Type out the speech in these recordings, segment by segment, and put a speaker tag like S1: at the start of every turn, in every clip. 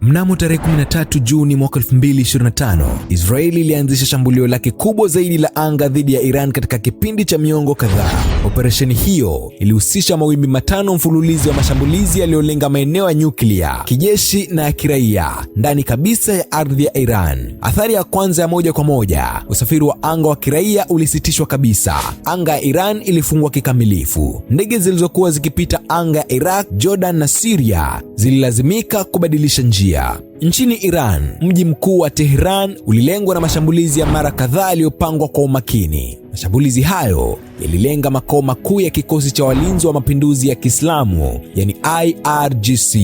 S1: Mnamo tarehe 13 Juni mwaka 2025, Israeli ilianzisha shambulio lake kubwa zaidi la anga dhidi ya Iran katika kipindi cha miongo kadhaa. Operesheni hiyo ilihusisha mawimbi matano mfululizi wa mashambulizi yaliyolenga maeneo ya nyuklia, kijeshi na ya kiraia ndani kabisa ya ardhi ya Iran. Athari ya kwanza ya moja kwa moja, usafiri wa anga wa kiraia ulisitishwa kabisa. Anga ya Iran ilifungwa kikamilifu. Ndege zilizokuwa zikipita anga ya Iraq, Jordan na Syria zililazimika kubadilisha njia teknolojia. Nchini Iran, mji mkuu wa Tehran ulilengwa na mashambulizi ya mara kadhaa yaliyopangwa kwa umakini. Mashambulizi hayo yalilenga makao makuu ya kikosi cha walinzi wa mapinduzi ya Kiislamu, yani IRGC,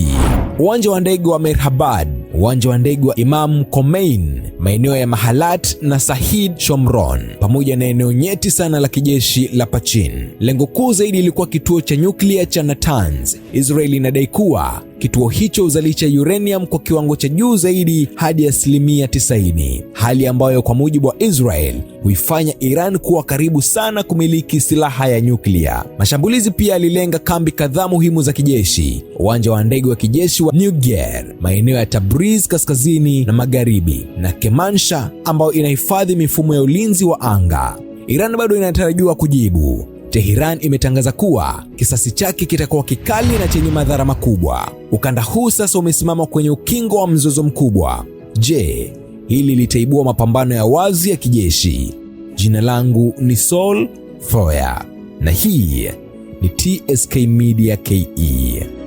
S1: uwanja wa ndege wa merhabad uwanja wa ndege wa Imam Khomeini, maeneo ya Mahalat na Sahid Shomron, pamoja na eneo nyeti sana la kijeshi la Pachin. Lengo kuu zaidi ilikuwa kituo cha nyuklia cha Natanz. Israeli inadai kuwa Kituo hicho huzalisha uranium kwa kiwango cha juu zaidi hadi asilimia 90, hali ambayo kwa mujibu wa Israel huifanya Iran kuwa karibu sana kumiliki silaha ya nyuklia. Mashambulizi pia yalilenga kambi kadhaa muhimu za kijeshi, uwanja wa ndege wa kijeshi wa Niger, maeneo ya Tabriz kaskazini na magharibi, na Kermanshah ambayo inahifadhi mifumo ya ulinzi wa anga. Iran bado inatarajiwa kujibu Tehran imetangaza kuwa kisasi chake kitakuwa kikali na chenye madhara makubwa. Ukanda huu sasa umesimama kwenye ukingo wa mzozo mkubwa. Je, hili litaibua mapambano ya wazi ya kijeshi? Jina langu ni Saul Foya na hii ni TSK Media KE.